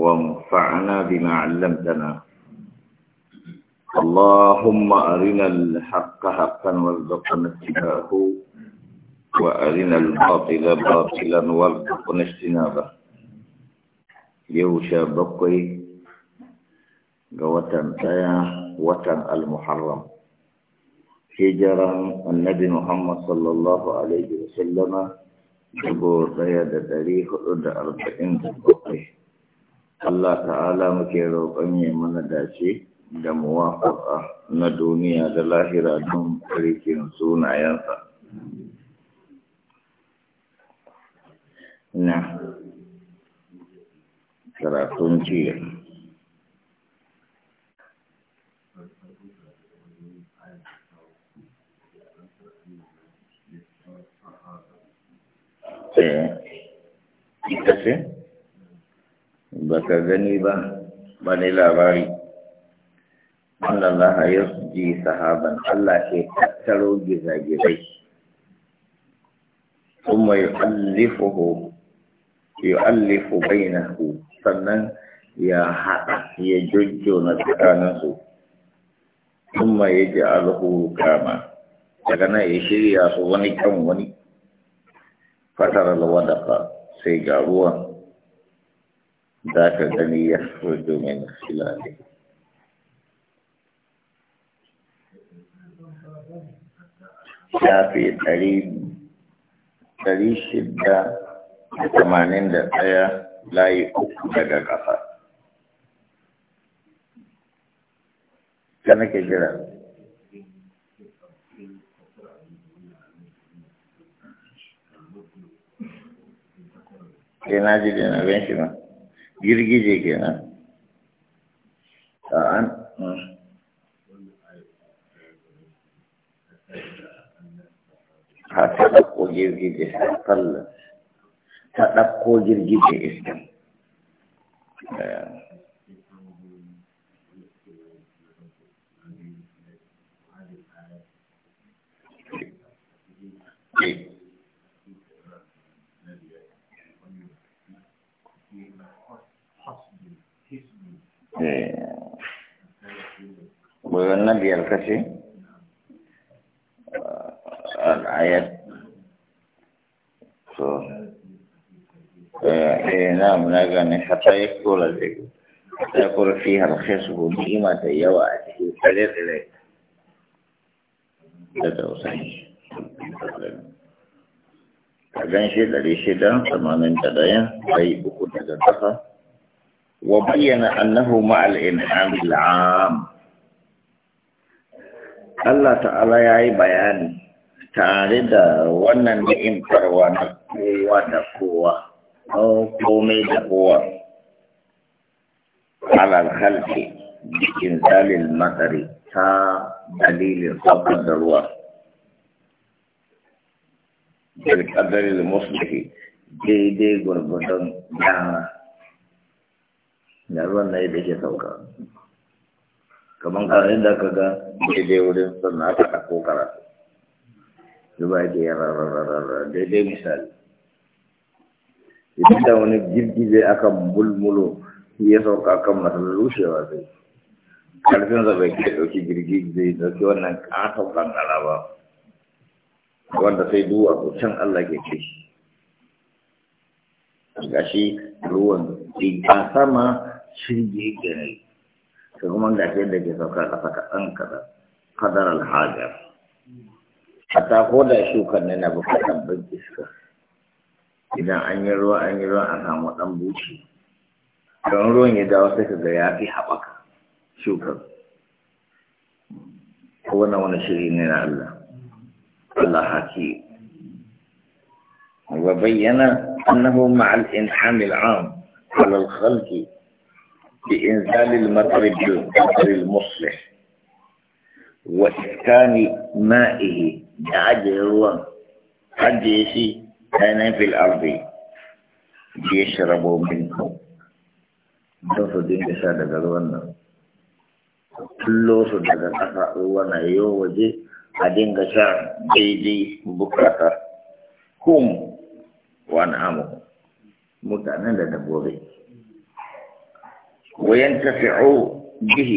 وانفعنا بما علمتنا اللهم أرنا الحق حقا وارزقنا اتباعه وأرنا الباطل باطلا وارزقنا اجتنابه يوشى بقي قوة تايا وطن المحرم هجرا النبي محمد صلى الله عليه وسلم جبور تايا تاريخ دا أربعين بقيه Allah ta'ala muke roƙon ya mana dace da muwafaka na duniya da lahira don rikin sunayensa. Na, karatun jiya. Eh, ita Ba ka gani ba bane labari Allah ya ji sahaban Allah ke tattaro gizagizai kuma yu'allifuhu yu'allifu bainahu sannan ya haɗa ya jujjo na tsakaninsu kuma ya ji alhu kama daga nan ya shirya su wani kan wani fatar alwadafa sai ga ruwan Za gani الذي يخرج من خلاله شافي قريب ɗari shida da tamanin da ɗaya layi uku daga ƙasa. Ka nake jira. Sai eh, na ji da na gan shi ba. girgije ke nan ta'an ta ɗauko girgije kallon ta girgije iskan Thank eh. you. Bulan biyar kasih. Eh, ayat. So. Eh, eh na munaga ne hatta yakula zai. Hatta yakula fi har khasbu ni'ima da yawa a cikin tsare tsare. Da tausayi. Ka gan ɗari shida, tamanin da ɗaya, bai uku daga وبين أنه مع الإنعام العام الله تعالى يا بيان تاريدا وانا نعم فروانا قوة قوة أو قومي قوة على الخلق بإنزال المطر تا دليل صبر الضروة بالقدر المصلح دي دي قربتن دي na ruwan na yadda ke sauka kamar karin da ka ga daidai wurin sannan aka ɗako karatu zuba da ya rarararara daidai misali idan da wani jirgi zai aka bulmulo ya sauka kan matsalar rushewa zai karfin sa bai ke ɗauki jirgi zai ɗauki wannan ƙasar ɓangara ba wanda sai duwa ko can Allah ke ce gashi ruwan ta sama shirye gani ka kuma ga shi da ke sauka ƙasa kaɗan kaɗan kadar alhajar hatta ko da shukan na bukatar bin iska idan an yi ruwa an yi ruwa a samu ɗan buci don ruwan ya dawo sai ka ga ya fi haɓaka shukar ko wani wani shiri ne na Allah Allah haki wa bayyana annahu ma'al in'amil 'am على الخلق بإنزال المطر بالقدر المصلح وإسكان مائه بأجل الوان أجيسي أنا في الأرض يشربوا منه don su dinga sha daga ruwan nan tullo su daga ƙasa ruwan na yau waje a dinga sha daidai bukata kum mutanen da dabbobi وينتفع به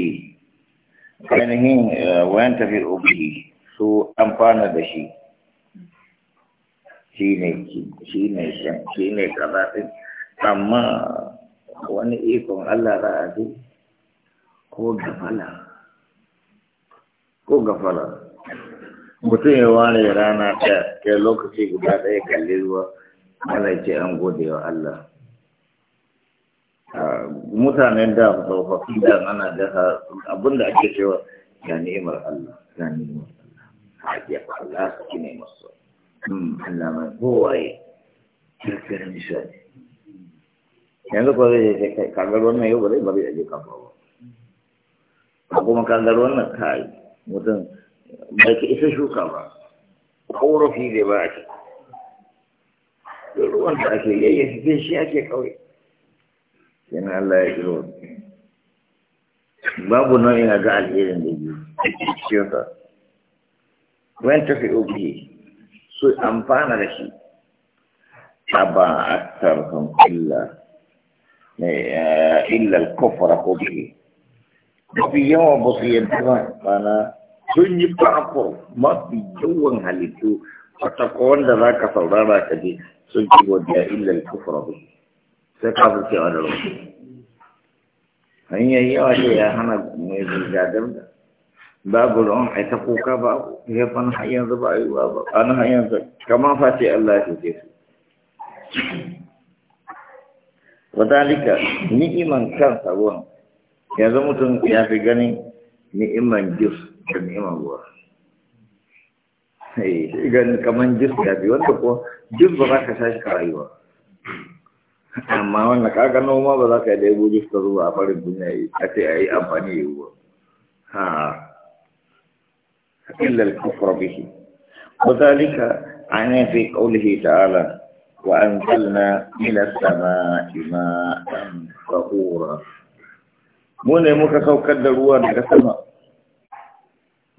ainihin wayan tafi obihi su amfana da shi shi amma wani ikon Allah za a ko gafala ko gafala mutum ya ware rana ta lokaci guda ɗaya kalli ruwa ana ce an gode wa Allah mutanen da tsofaffi da ana dasa abinda ake cewa ga ni'imar Allah ga ni'imar Allah a haƙiya Allah su ne masu hmm, Allah mai kowaye kirkirin nishadi yanzu ko zai je kagar wannan yau ba zai bari a kafa ba a kuma kagar wannan kai mutum bai ka isa shuka ba ƙorafi zai ba a ciki ruwan da ake yayyafi shi ake kawai in Allah ya kiro babu nau'in a ga alherin da biyu cikin sa wen tafi obi su amfana da shi aba aktar kan illa eh, illa al-kufra ko bihi mafi yawa ba su yadda ba mana sun yi kafur mafi yawan halittu a takwa wanda za ka saurara ka je sun ci wadda illa al-kufra bihi sai ka bukewa da ruwa an yawa ce ya hana mai zirgadar da babu ruwan a ta kuka ba ya fan hanyar zuba ba yi ba an hanyar yanzu kamar face Allah ya ce su wadalika ni'iman kan sabon yanzu mutum ya fi ganin ni'iman jus da ni'iman ruwa ganin kamar jus ya fi wanda ko jus ba za ka shi ka rayuwa amma wannan kaga noma ba za ka yi lebo jifta zuwa a farin duniya yi a ce a yi amfani yi wa ha illal kufra bihi wa zalika an fi qawlihi ta'ala wa anzalna ila sama'i samaai ma'an tahura mu ne muka saukar da ruwa daga sama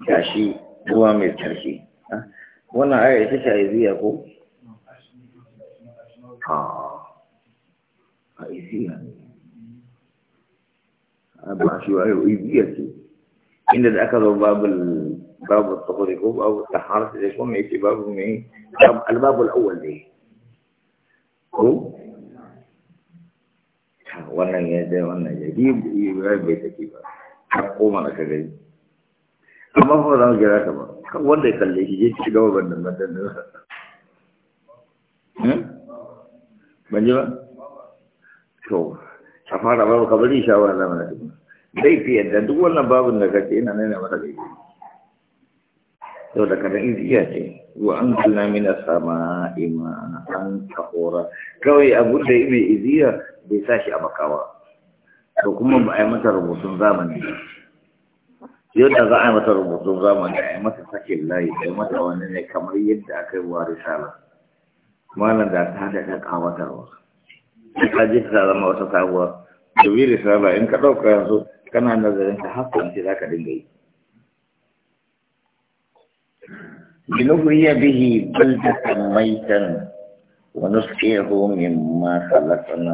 gashi ruwa mai tsarki wannan aya ita ce aiziya ko ha فائزية أبع شوائي وإيدية إن ذكروا باب ال... باب الطهور يكون أو الطهارة يكون في باب مي باب الباب الأول ليه هو وانا يدي وانا يدي يبقى بيت يبقى حقه ما أكدي amma ba za mu jira ka ba kan wanda يجي kalle shi je ci gaba ban nan ban nan ban ji ba to a fara babu ka bari shawara da mana duk zai fi yadda duk wannan babun da kace ina nuna mata dai saboda kada iziya ce wa an kula mina sama ima an tahora kawai abu da mai iziya bai sa shi a makawa to kuma ba a yi mata rubutun zamani yau da za a yi mata rubutun zamani a yi mata sakin layi a yi mata wani ne kamar yadda aka yi wa risala malam da ta haɗa ta ƙawatarwa kaji ta zama wata sabuwa dubi risala in ka ɗauka yanzu kana nazarin ta hakan ce za ka dinga yi binuhriya bihi baldatan maitan wa nusqihu mimma khalaqna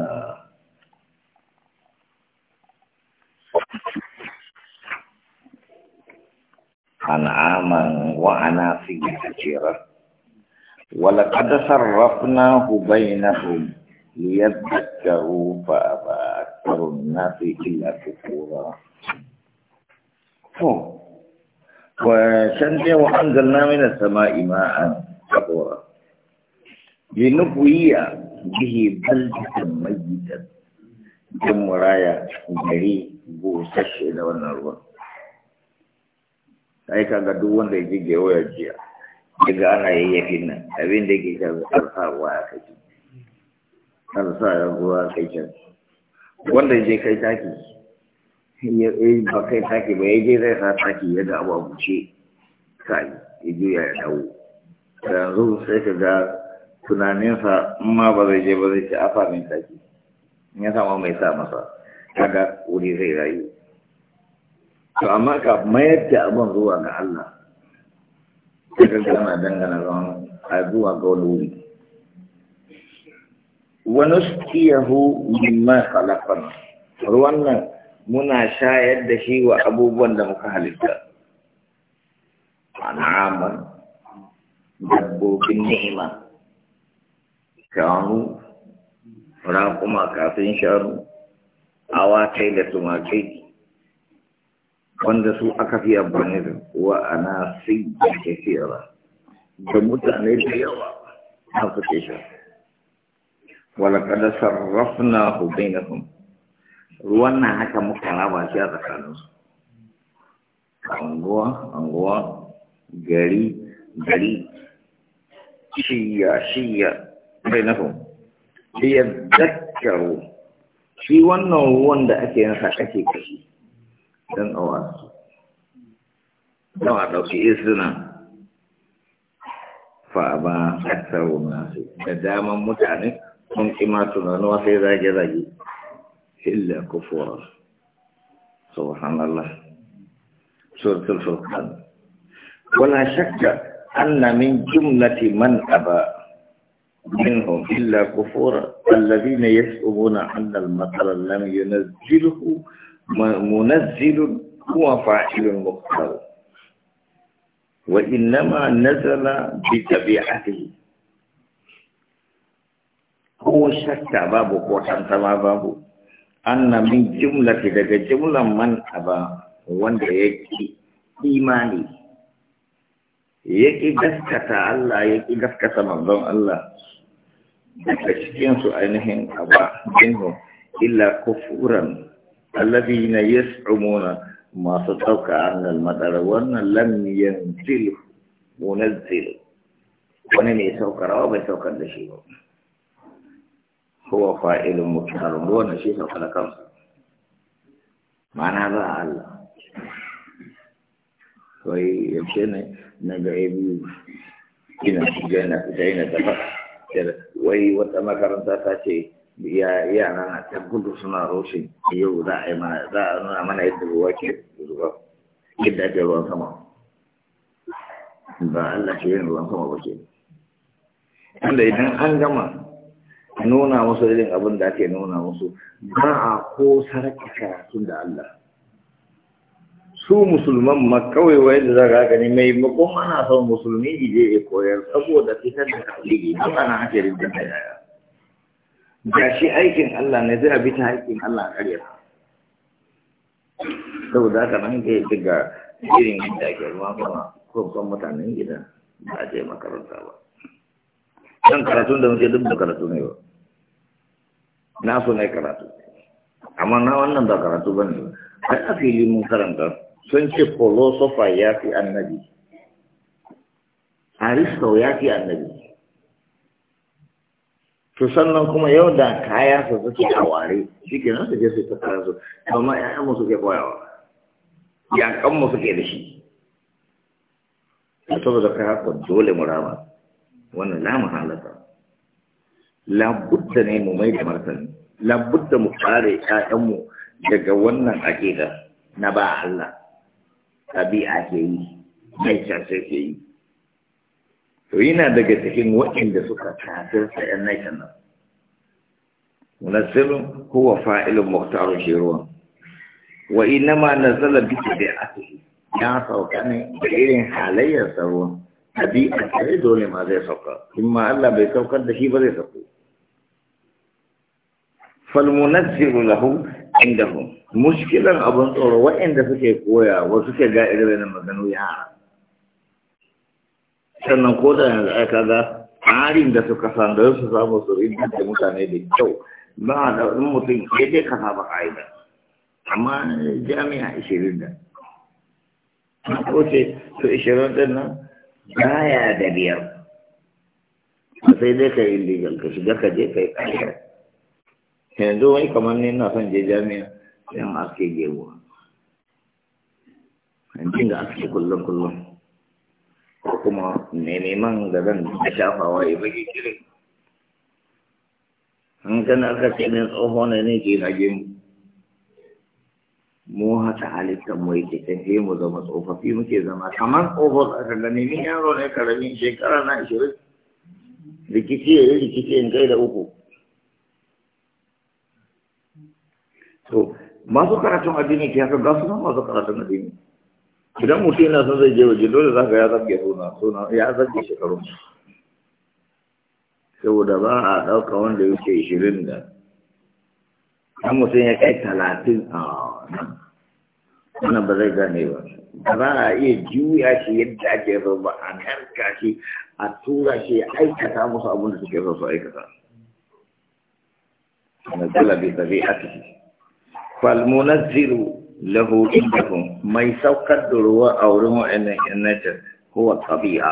an'aman wa anafiyya kathira ولقد صرفناه بينهم Yar da ta rufe a basaror nuna sai illa ka kora. Ko kuma yashin ta yi wa angana mana sama'i ma an taɓora. Yin nufiya ya fi kifi ɓanta tsammani ta gari goce shida wannan ruwa Na yi kaga duk wanda ya ji da yawon ajiya, daga anayin ya nan, abinda ya ke karɓi alfawa ya har sa ya zuwa kai can wanda je kai taki ya eh, ba kai taki ba ya je zai sa taki ya da abu abuce kai ya juya ya dawo yanzu sai ka ga tunaninsa in ma ba zai je ba zai ci afa min taki in ya samu mai sa masa kaga wuri zai rayu to amma ka mayar da abin zuwa ga Allah kaga kana dangana zuwa ga wani wuri Wani yahu مما خلقنا ruwan muna shayar da shi wa abubuwan da muka halitta Ana anaman dabbobin ni'ima shanu raƙuma kafin shanu awakai da tumakai wanda su aka fi amfani da wa ana sai da kafira da mutane da yawa na suke shanu ولقد صرفناه بينهم ruwan na haka muka raba shi a tsakaninsu anguwa anguwa gari gari shiya shiya bainahum liyadhakkaru shi wannan ruwan da ake yin sa kake kashi dan awa su don a ɗauki izina fa ba aksaru nasu da daman mutane هم إماتنا نوافي ذا جذاج إلا كفورا سبحان الله سورة الفرقان ولا شك أن من جملة من أبى منهم إلا كفورا الذين يسؤون أن المطر لم ينزله منزل هو فاعل مختل وإنما نزل بطبيعته ko shakka babu ko tantama babu anna min jumlati daga jumlan man aba wanda yake imani yake gaskata Allah yake gaskata manzon Allah daga cikin su ainihin aba jinhu illa kufuran alladhina yas'umuna masu ɗauka annal madara wannan lam yanzil munazzil wani ne saukarawa bai saukar da shi ba huwa fa'ilun mutarun wannan shi sauka da kansu mana ba Allah wai yaushe ne na ga ibi ina shiga na fita ina tafa wai wata makaranta ta ce ya yara na ta gudu suna roshe yau za a yi mana za a nuna mana yadda ruwa ke zuwa yadda ake ruwan sama ba Allah ke yin ruwan sama ba ke wanda idan an gama nuna musu irin abin da ake nuna musu ba a ko sarki karatun da Allah su musulman ma kawai wai da za ka gani mai makon ana son musulmi ije ya koyar saboda fitar da kalli don ana ake rinjin da yaya ga shi aikin Allah ne zai bi ta aikin Allah karyar saboda haka nan ke ga irin gida ke ruwa kuma kuma mutanen gida ba a je makaranta ba kan karatun da muke duk da karatu ne ba na so ne karatu amma na wannan ba karatu ba ne ai a fili mun karanta sun ce philosopher ya fi annabi aristo ya fi annabi to sannan kuma yau da kaya su suke a ware shi ke nan su je su ta kaya su amma ƴaƴanmu suke koyawa yankanmu suke da shi a saboda kaya haka dole mu rama wannan la mahalata labudda ne mu mai da martani labudda mu kare ƴaƴanmu daga wannan aƙida na ba Allah tabi'a ke yi mai shafe ke yi to yana daga cikin waɗanda suka kafirta ƴan nan nan munazzilu huwa fa'ilun muhtarun ruwan. wa inama nazala bi tabi'atihi ya sauka ne da irin halayyar ruwan ɗabi'a kare dole ma zai sauka in ma Allah bai saukar da shi ba zai sauko falmunazziru lahu indahum mushkilan abun tsoro waɗanda suke koya wa suke ga irin maganu yara sannan ko da yanzu aka ga tsarin da suka san da su samu su rinda da mutane da kyau ba da mutum ya dai ka saba ka'ida amma jami'a ishirin da ko ce su ishirin din nan baya da biyar sai dai ka yi legal ka shiga ka je ka yi ƙarshe yanzu wai kamar ne na son je jami'a yan aske gewa an dinga aske kullum kullum ko kuma mai neman da zan da shafawa ya bage kirin an kana aka ce min tsoho ne ne ke na gemu mu haka halittar mu yake kan he mu zama tsofaffi muke zama kamar tsofaffi a kan nemi yaro ne karamin shekara na ashirin rikici ya yi rikici in kai da uku to masu karatun addini ke haka gasu na masu karatun addini idan mutum yana son zai je waje dole za ka ya zabge suna suna ya zabge shekaru saboda ba a ɗauka wanda yake ishirin da ɗan mutum ya kai talatin a ah, wannan ba zai gane ba ba a iya juya shi yadda ake so ba a narka shi a tura shi aikata musu abin da suke so su aikata na kula bi tabi a ciki falmunazziru lahu indahum mai saukar da ruwa a wurin wa'annan yannatin huwa tabi'a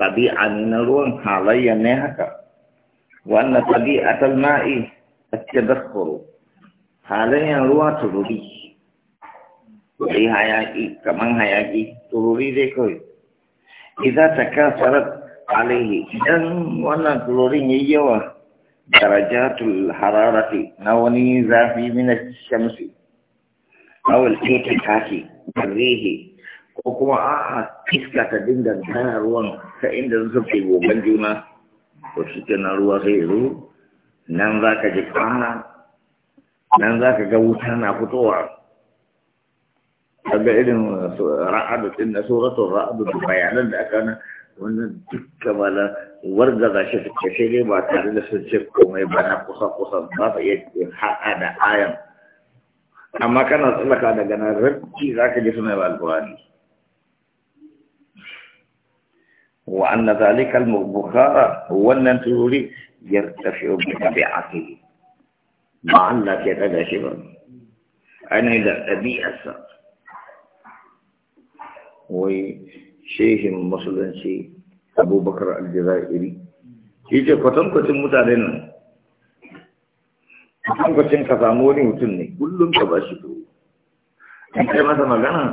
tabi'a ne na ruwan halayya ne haka wannan tabi'atul ma'i at-tadakhkhuru halayen ruwa tururi ya yi hayaƙi kaman hayaki. tururi dai kawai Iza ta kasarar alaihi idan wannan tururin ya yi yawa darajatul hararati na wani zafi mina shamsi awal tete kaki rihi ko kuma a'a iska ta dinga gana ruwan ta inda suke juna ko shi na ruwa sai zo nan za ka ji nan za ka ga wuta na fitowa daga irin ra'adu din na suratun ra'adu da bayanan da aka nan wannan dukkan mala warga za shi suke sai dai ba tare da sun ce komai ba na kusa kusa ba ba yake haɗa da ayan amma kana tsallaka daga nan rabbi za ka ji suna ba alƙur'ani wa anna zalika al-bukhara wannan tururi yartafi'u bi tabi'atihi ba Allah ke ɗaga shi ba ana da ɗabi'arsa wai shehin musulunci abubakar aljazairi shi ce kwatankwacin mutane nan kwatankwacin ka samu wani mutum ne kullum ka ba shi to in kai masa magana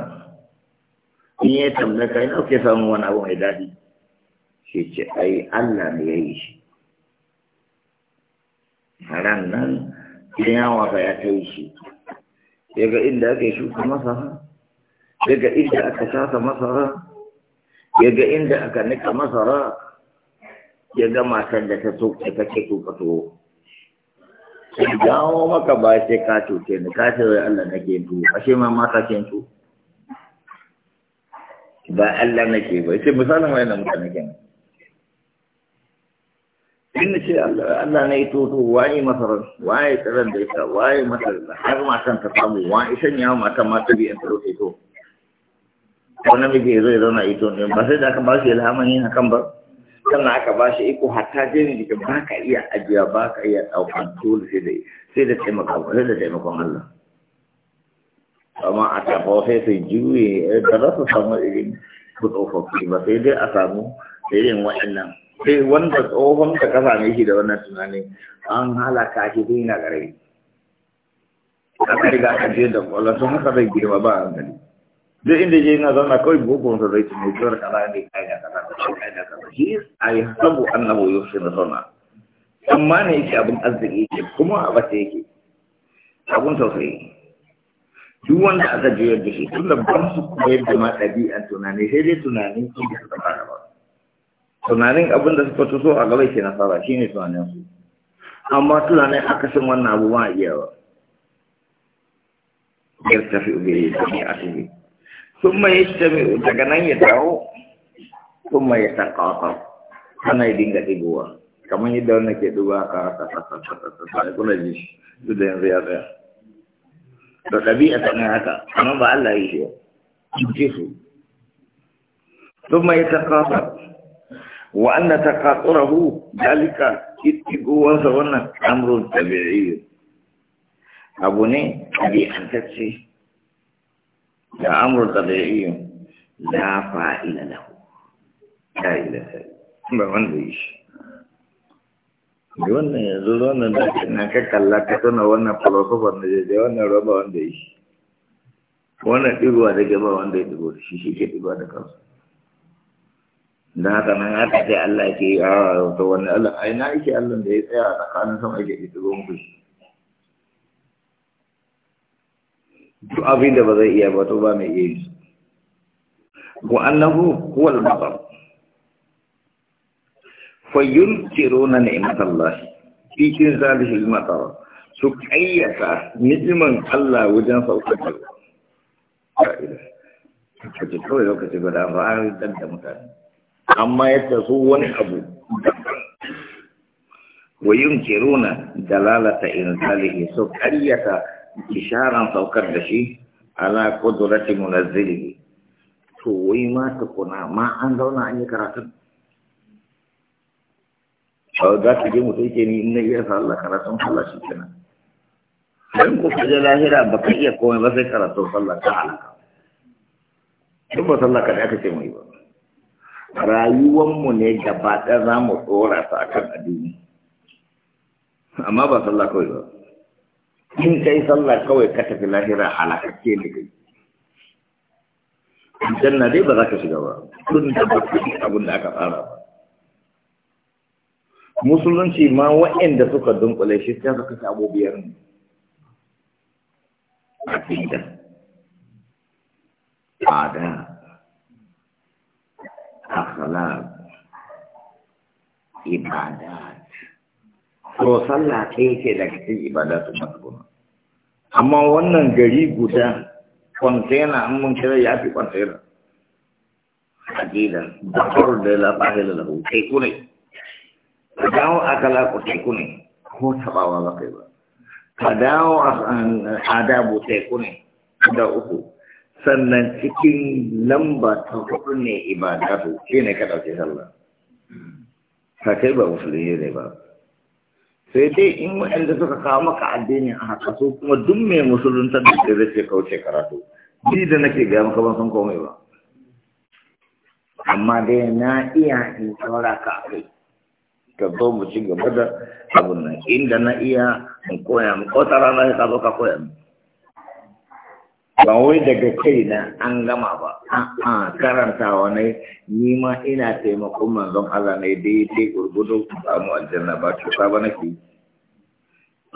in ya tambaye ka ina ke samun wani abu mai daɗi shi ce ai Allah ne ya yi shi ran nan yawa ba ya kai shi daga inda aka shuka masara daga inda aka sasa masara daga inda aka nika masara ya ga matan da ta so ta ke tuka tuwo sai dawo maka ba sai ka cuce ni ka ce Allah nake tu ashe ma mata ce tu ba Allah nake ba sai misalin wayannan nake kenan abin da ce Allah ne toto waye masarar waye tsirar da ita waye masarar har matan ta samu wa isan ya matan ma ta biyan tsaro ito ko namiji ya zo ya zauna ito ne ba sai da aka ba shi ilhamin yin hakan ba sannan aka ba shi iko hatta je ne da ba ka iya ajiya ba ka iya ɗaukan dole sai da sai da taimakon sai da taimakon Allah amma a tafa sai su juye da za su samu irin kuɗofaffi ba sai dai a samu irin waɗannan sai wanda tsohon ka kasa ne shi da wannan tunanin an halaka shi na gare. ƙarfi aka riga aka je da kwallon sun haka zai girma ba a gani duk inda je yana zauna kawai bugun sa zai tunai tuwar kaza ne kaida kaza da kaza shi a yi sabu annabu yau shi na zauna amma ne yake abin arziki yake kuma a bace yake abun tausayi duk wanda aka juyar da shi tun da ban su kuma yadda ma ɗabi'a tunani sai dai tunanin inda suka fara ba tunanin abinda suka tuso a gaba ke nasara shi ne tunaninsu amma tunanin akasin wannan abu ma iya ba ya tafi ubiri da tafi a tafi sun mai jami'u daga nan ya dawo sun mai ya takawa ana yi dinga ɗigowa kamar yadda wannan ke duba ka haka haka haka haka kuna ji duk da yanzu ya tsaya da ɗabi'a ta ne haka amma ba Allah ya yi shi ba ce su sun mai ya takawa wa anna taqaturahu dalika ittiquwansa wannan amrun tabi'i abu ne tabi'antacce da amrun tabi'i la fa'ila lahu la ilaha ba wanda yi shi da wannan yanzu wannan da na ka kalla ka tuna wannan filosofar na jeje wannan roba wanda yi shi wannan ɗigowa da gaba wanda ya ɗigo shi shi ke ɗigowa da kansa da haka nan aka ce Allah ke a ah, wata wani Allah ai na yake Allah da ya tsaya a tsakanin sama ake ita gon ku duk abin da ba zai iya ba to ba mai iya yi wa annahu huwa al-basar fa yunkiruna ni'matallah fi cikin zalihi al-matar su kayyata ni'iman Allah wajen saukar da ka ce kawai lokaci guda ba a da mutane amma ya taso wani abu wa yunkiruna dalalata inzalihi so karyata isharan saukar da shi ala qudrati munazzilihi to wai ma ta kuna ma an zauna an yi karatu sau za ki je mutum ke ni na iya sa Allah karatun Allah shi kenan don ku kaje lahira ba ka iya komai ba sai karatun Allah ta halaka duk ba sallah da aka ce mai ba rayuwanmu ne gaba ɗaya za mu tsora ta a kan addini amma ba sallah kawai ba in kai sallah kawai ka tafi lahira halakakke ne kai na dai ba za ka shiga ba tun da ba ka abin da aka tsara ba musulunci ma wa'anda suka dunkule shi sai suka sabo biyar ne a cikin ada akhlaq ibadat to sallah ɗaya ce daga cikin ibadatu masu amma wannan gari guda kwantena an mun kira ya fi kwantena aƙida da faru da labari da labu kai ku ne ka dawo a kalaku kai ku ne ko tabawa ba kai ba ka dawo a adabu kai ku ne da uku sannan cikin lamba ta hudu ne ibadatu shi ne ka ɗauki sallah ka kai ba musulmi ne ba sai dai in waɗanda suka kawo maka addini a haka so kuma duk mai musulunta da ke zai kauce karatu ni da nake gaya maka ban san komai ba amma dai na iya in saura ka kai ka zo mu ci gaba da abun nan inda na iya in koya mu ko ta rana ka zo ka koya mu ba wai daga kai na an gama ba a karanta ne ni ma ina taimakon manzon Allah ne daidai gurgudu ku samu aljanna ba to ba nake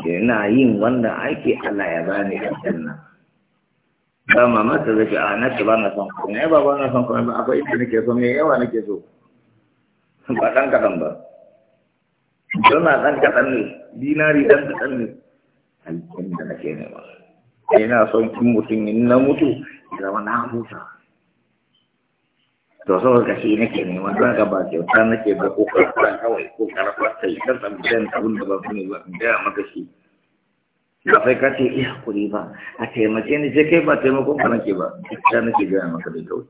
ina yin wannan aiki Allah ya bani aljanna ba mama ta zaki a na ba na son kuma ba ba na son kuma ba akwai inda nake so me yawa nake so ba dan kadan ba don na dan kadan ne dinari dan kadan ne aljanna nake ba. ina son in mutum in na mutu zama na huta to sau ka shi nake neman zan ka ba kyauta nake ba ko karfa kawai ko karfa ta yi kan tsambiyan abin da ba su ne ba in gaya maka shi ba sai ka ce iya hakuri ba a taimake ni sai kai ba taimakon ka nake ba ta nake gaya maka da kyau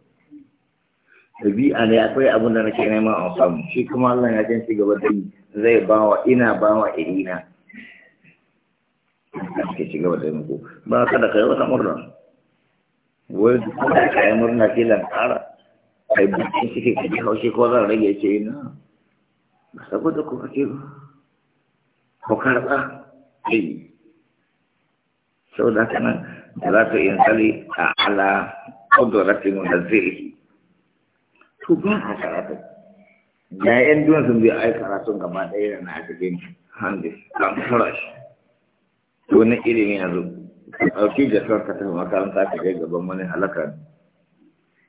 ɗabi'a ne akwai abin da nake neman a samu shi kuma Allah ya jan ci gaba da zai bawa ina bawa irina ake shiga wata yanku ba ka da kai wata murna wai kuma da kayan murna ke lantara kai bikin suke kaji haushe ko zan rage ce na ba saboda ku ake ba ko karɓa kai. sau da da za yin tsali a ala ƙudurattin naziri to ba a karatu ya yan duniya sun biya ai karatun gaba ɗaya na cikin to irin yanzu ɗauki jasar ka tafi makaranta ka kai gaban wani halaka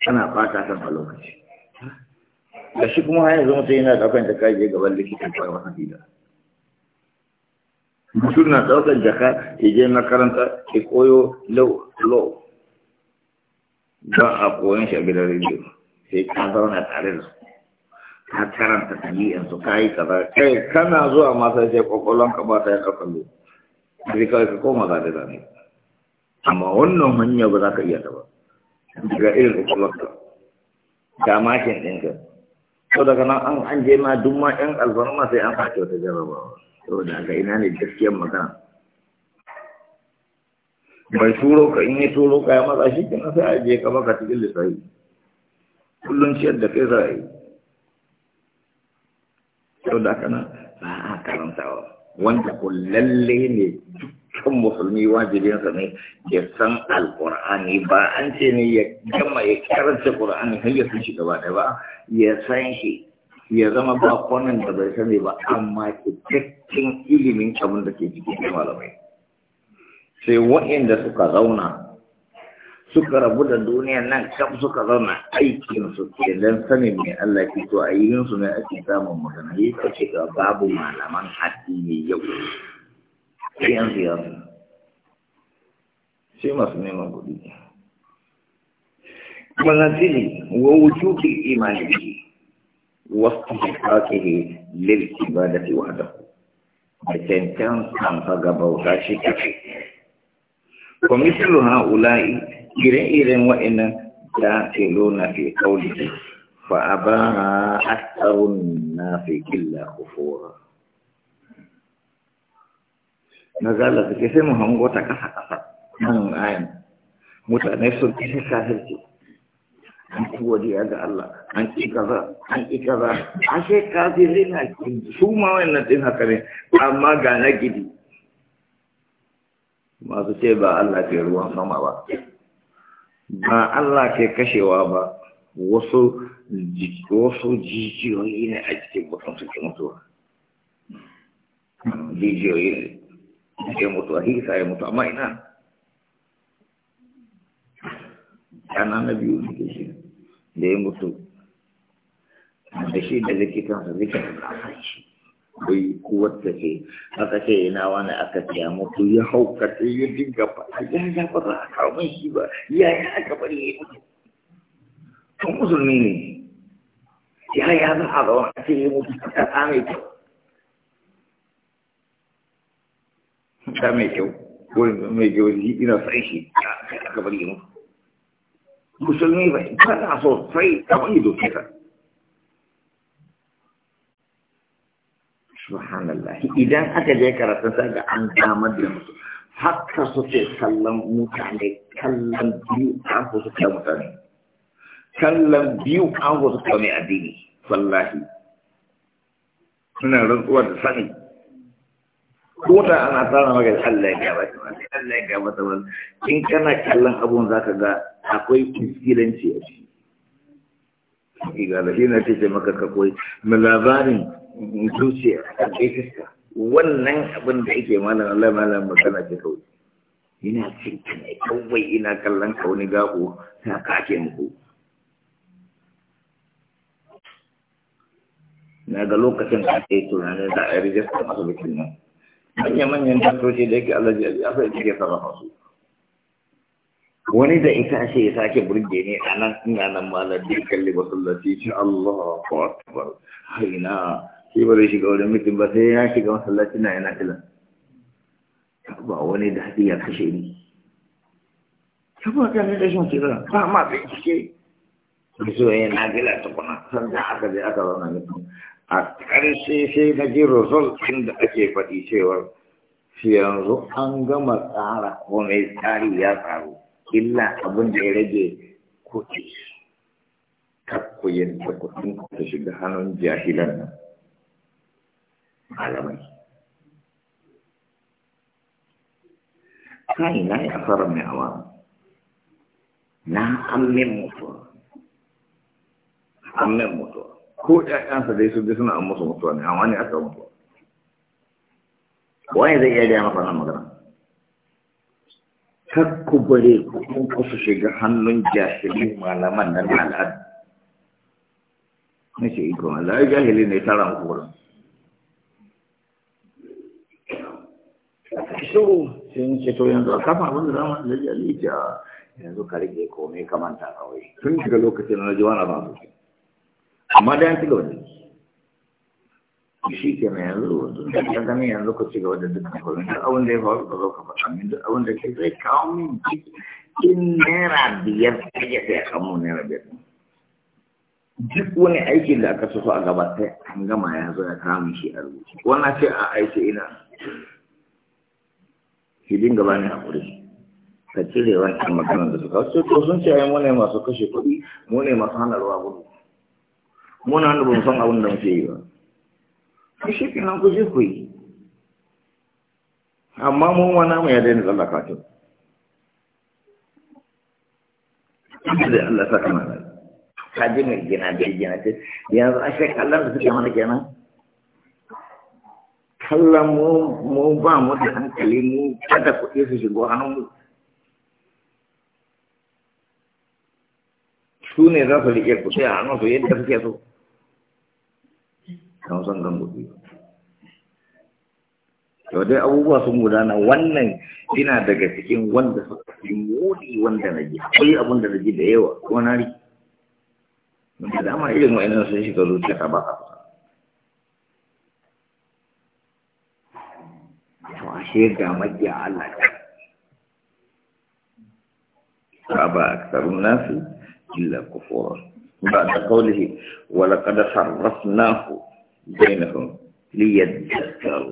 ana fata kan a lokaci da shi kuma hanyar zama sai yana ɗaukar jaka ya gaban likita a wata fila. mutum na ɗaukar jaka ya je makaranta ya koyo law ba a koyon shi a gidan rediyo sai ka zauna tare da su ka karanta yanzu ka yi kaza kai kana zuwa masu sai kwakwalon ka ba ta yi ɗaukan lokaci sai kawai ka koma zane zane amma wannan hanya ba za ka iya ta ba daga irin da kwakwalwarka ga mashin ɗinka sau daga nan an an je ma duk ma ɗan alfarma sai an fashe wata jarabawa saboda haka ina ne gaskiyar magana bai turo ka in ya turo ka ya matsa shi kenan sai a je ka baka cikin lissafi kullum ciyar da kai za a yi sau da haka nan ba a karantawa wanda ko lalle ne dukkan musulmi wajibinsa ne ya san alkur'ani ba an ce ne ya gama ya karanta qur'ani har ya san shi gaba ɗaya ba ya san shi ya zama ba kwanan da bai sani ba amma cikakken ilimin abin da ke jikin malamai sai wa'inda suka zauna suka rabu da duniyan nan kam suka zauna aikin su ke sanin mai Allah ke to a yi su ne ake samun magana yi ka ce ga babu malaman addini yau ɗayan ziyar siyasa sai masu neman kuɗi jini wa wujubi imani wasu wa istihqaqihi ne ibadati ba da cancan samfa ga bauta shi kafi Ruhan Ula'i ire-iren wa'annan da ke lona fi kauli fa a ba aktarun na fi killa kufura na zala suke sai mu hango ta kasa-kasa nan ayan mutane sun ka kafirci an kuwa di ga Allah an ci kaza an ci kaza ashe kafirin na su ma wannan din haka ne amma ga na gidi masu ce ba Allah ke ruwan sama ba ba Allah ke kashewa ba wasu wasu jijiyoyi ne a cikin mutum suke mutuwa jijiyoyi ne suke mutuwa hisa ya mutu amma ina ana na biyu shi da ya mutu da shi da likitansa likitan da shi akwai kowace ce aka ce ina wani aka ce ya mutu ya haukata ya dinga faɗa ya ya ba za a kawo shi ba ya ya aka bari ya mutu tun musulmi ne ya ya za a zaune a ce ya mutu ta ta mai kyau ta mai kyau ko mai kyau ina sai shi ya aka bari ya mutu musulmi ba ba na so sai ta wani dokar subhanallah idan aka je karatun sai ga an damar da musu haka suke kallon mutane kallon biyu an ku suke mutane kallon biyu an ku suke mai addini wallahi suna rantsuwa da sani ko da ana tsara maka Allah ya gaba ta wani Allah ya gaba ta wani in kana kallon abun za ka ga akwai iskilanci a ciki. da shi na ce maka ka koyi labarin zuciya a fiska wannan abin da yake mana Allah mala magana ce kawai ina cinta ne kawai ina kallon ka wani gabo ta kake muku na ga lokacin da ake tunanin da a yi rijistar bikin nan manya-manyan tattoci da yake Allah jari a sai cike sarrafa su wani da ita ce ya sake burge ne a nan ina nan malar da kalli masallaci shi Allah akbar haina shi ba zai shiga wani mutum ba sai ya shiga masallaci na yana ila ba wani da haɗi ya kashe ni saboda kan da shi kira ba ma bincike so ya na gila tukuna san da aka je aka zauna mutum a ƙarshe sai na ji result ɗin da ake faɗi cewar shi yanzu an gama tsara mai tsari ya tsaro illa abin da ya rage kuɗi kakkuyin da kuɗin ku ta shiga hannun jahilan nan malamai kai na ya fara mai hawa na amin mutuwa amin mutuwa ko ƴaƴansa dai su suna an musu mutuwa ne amma ne aka mutuwa wani zai iya gaya masa nan magana kar ku bare kun kusa shiga hannun jahilin malaman nan al'ad na ce iko Allah ya jahili ne tara muku wurin shiru sun ce to yanzu a kafa abin da zama da jali ce yanzu ka rike komai kamanta kawai tun shiga lokacin na jiwa na ba amma da yanzu gaba shi ke mai yanzu tun da ka gani yanzu ku ci gaba da duk komai duk abin da ya faru ka zo ka faɗa min duk abin da ke zai kawo min cikin naira biyar ta ya sai kamo naira biyar duk wani aiki da aka so a gaba sai an gama yanzu ya kawo min shi a rubuce wannan ce a aiki ina gaba ne a kuri ka cire wancan maganar da suka wasu to sun ce ai mu ne masu kashe kuɗi mu ne masu hana ruwa gudu mu na ban san abin da muke yi ba ku shi kenan ku je ku yi amma mu wani mu ya daina zalla ta da Allah saka mana ka ji mai gina bai gina ce yanzu a shekallar da suke mana kenan kallon mu ba mu da hankali mu kada kuɗi su shigo hannunmu su ne za su riƙe kuɗi a hannunsu yadda suke so kan son gan kuɗi yau dai abubuwa sun gudana wannan ina daga cikin wanda suka fi muni wanda na ji akwai abin da na ji da yawa kuma na ri da dama irin wa'inan sun shiga zuciya ta ba ka ashe ga maƙiya Allah فأبى أكثر الناس إلا كفورا بعد قوله ولقد صرفناه بينهم ليذكروا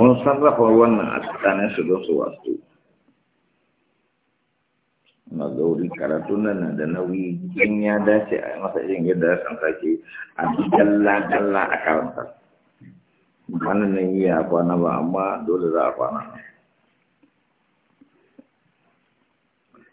من صرف وانا أتانا سدوس واستو Magori karatun nan da nauyi in ya dace a masa irin yadda ya san sake a dalla dalla a karanta. wannan ya kwana ba amma dole za a kwana